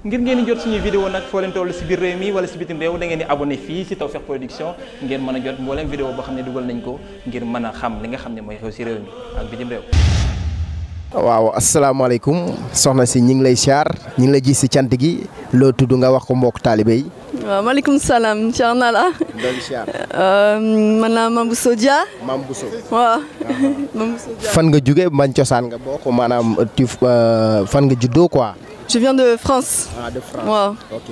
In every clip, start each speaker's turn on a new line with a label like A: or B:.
A: ngir ngeen di jot suñuy vidéo nag foo leen toll si biir réew mi wala si bitim réew da ngeen di abonné fii si Tawfekh Production ngeen mën a jot mbooleem vidéo boo xam ne dugal nañ ko ngir mën a xam li nga xam ne mooy xew si réew mi ak bitim réew asalaamaaleykum soxna si ñi ngi lay siyaar ñi ngi lay gis si cant gi loo tudd nga wax ko mbokk taalibe yi
B: waaw maaleykum salaam siyaar euh, naa la man naa uh-huh. Mame Bousso Dia
A: fan nga jóge man cosaan nga ko maanaam tif euh, fan nga juddoo ko
B: je viens de France. ah de France waaw. ok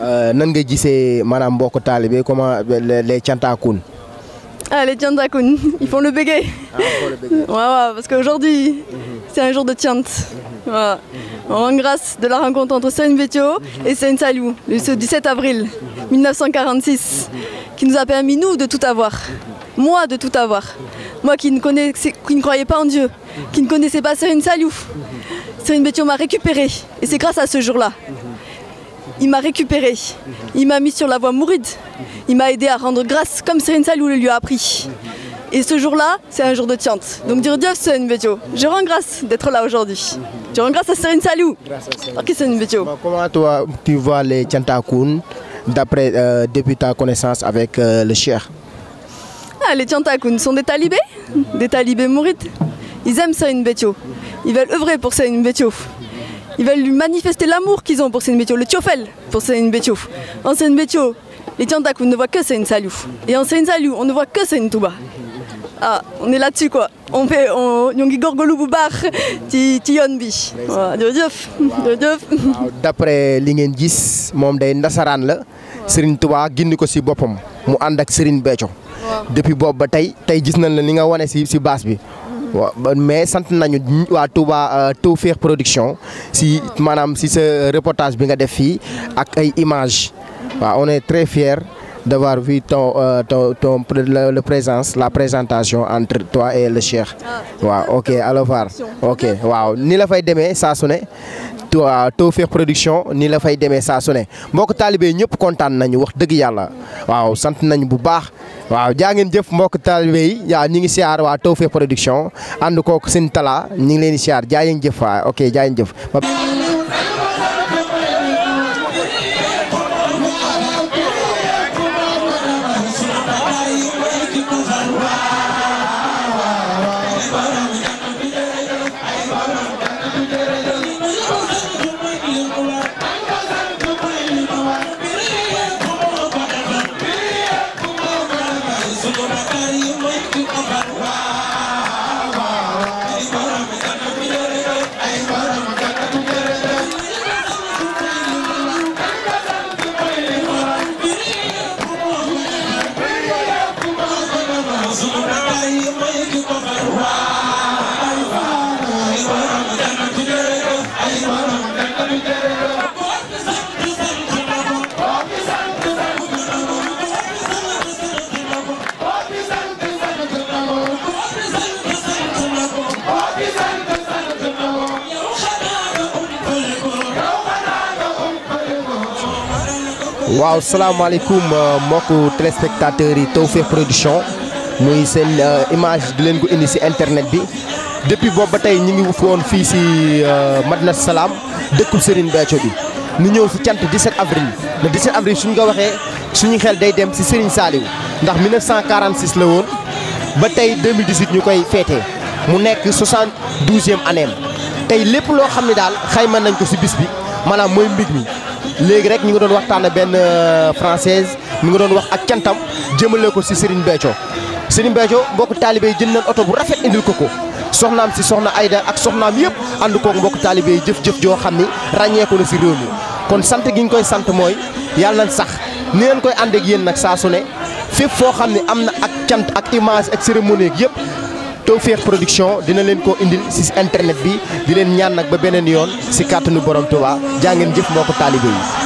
A: euh, nan nga gisee maanaam mbokk taalibe comment euh, les cantakun.
B: Ah, les Tiantakun, ils font le béguet. Ah, le béguet. Ouais, ouais, parce qu'aujourd'hui, mhm. c'est un jour de Tiant. Mm -hmm. grâce de la rencontre entre Sen Vetio mhm. et Sen Salou, ce avril mhm. qui nous a permis, nous, de tout avoir. Moi qui ne, connaissais, pas en Dieu, qui ne connaissais pas Serine Saliouf, Serine Bétio m'a récupéré. Et c'est grâce à ce jour-là. Il m'a récupéré. Il m'a mis sur la voie mouride. Il m'a aidé à rendre grâce comme Serine Saliouf le lui a appris. Et ce jour-là, c'est un jour de tiante. Donc dire Dieu, c'est une bétio. Je rends grâce à Serine Salou. Grâce
A: à d'après, euh, depuis ta connaissance avec euh, le cher
B: les Tiantakoun sont des talibés, des talibés mourites. Ils aiment Saïn Betio. Ils veulent œuvrer pour Saïn Betio. Ils veulent lui manifester l'amour qu'ils ont pour Saïn Betio, le tiofel pour Saïn Betio. En Saïn Betio, les Tiantakoun ne voient que Saïn Saliou. Et en Saïn Saliou, on ne voit que Saïn Touba. Ah, on est là-dessus quoi. On fait, on yongi gorgolou boubar, ti ti yonbi. Jërëjëf,
A: D'après li ngeen gis moom day ndasaraan la Serigne tuba gindi ko si boppam mu ànd ak Serigne Béthio. depuis boobu ba tey tey gis nañ la ni nga wane si si baas bi. waaw mais sant nañu waa Touba euh, Tawfekh Production si maanaam si sa reportage bi nga def fii ak ay images. waa on est très fier d'avoir vu ton, euh, ton, ton, le, le, présence, la présentation entre toi et le chef. Ah, wow. ok, allons voir. Ok, waaw Ni la fay demee saa su ne waaw Tawfekh Production nii la fay demee saa su ne mbokk taalibe ñëpp kontaan nañu wax dëgg yàlla waaw sant nañu bu baax waaw jaa ngeen jëf mbokk taalibe yi waaw ñu ngi siyaar waa Tawfekh Production ànd kook seen tala ñu ngi leen di siyaar jaa ngeen jëf waaw ok jaa ngeen jëf Thank you. waaw salaamaaleykum euh, mbokk téléspectateurs yi Tawfekh Production muy seen euh, image di leen ko indi si internet bi depuis boobu ba tey ñu ngi woon fii si euh, Madinat Salaam dëkkul sëriñ Béthio bi ñu ñëw si cant 17 avril le 17 avril suñu ko waxee suñu xel day dem si Serigne Saliou ndax 1946 la woon ba tey 2018 ñu koy feetee mu nekk 72e année tey lépp loo xam ne daal xayma nañ ko si bis bi maanaam mooy mbig mi léegi rek ñu ngi doon waxtaan benn euh, française mi ngi doon wax ak cantam jëmale ko si Serigne Béthio Serigne Béthio mbokk taalibe jën jël oto bu rafet indil ko ko soxnaam si soxna Aida ak soxnaam yëpp ànd koog mbokk taalibe yi jëf-jëf joo xam ni ràññeeku na si réew kon sant giñ koy sant mooy yàlla nañ sax ni leen koy ànd ak yéen nag saa su ne fépp foo xam ne am na ak cant ak image ak cérémonie yëpp. Tawfekh production dina leen ko indil ci internet bi di leen ñaan nag ba beneen yoon ci kàttanu borom Touba jaa ngeen jëf ko taalibe yi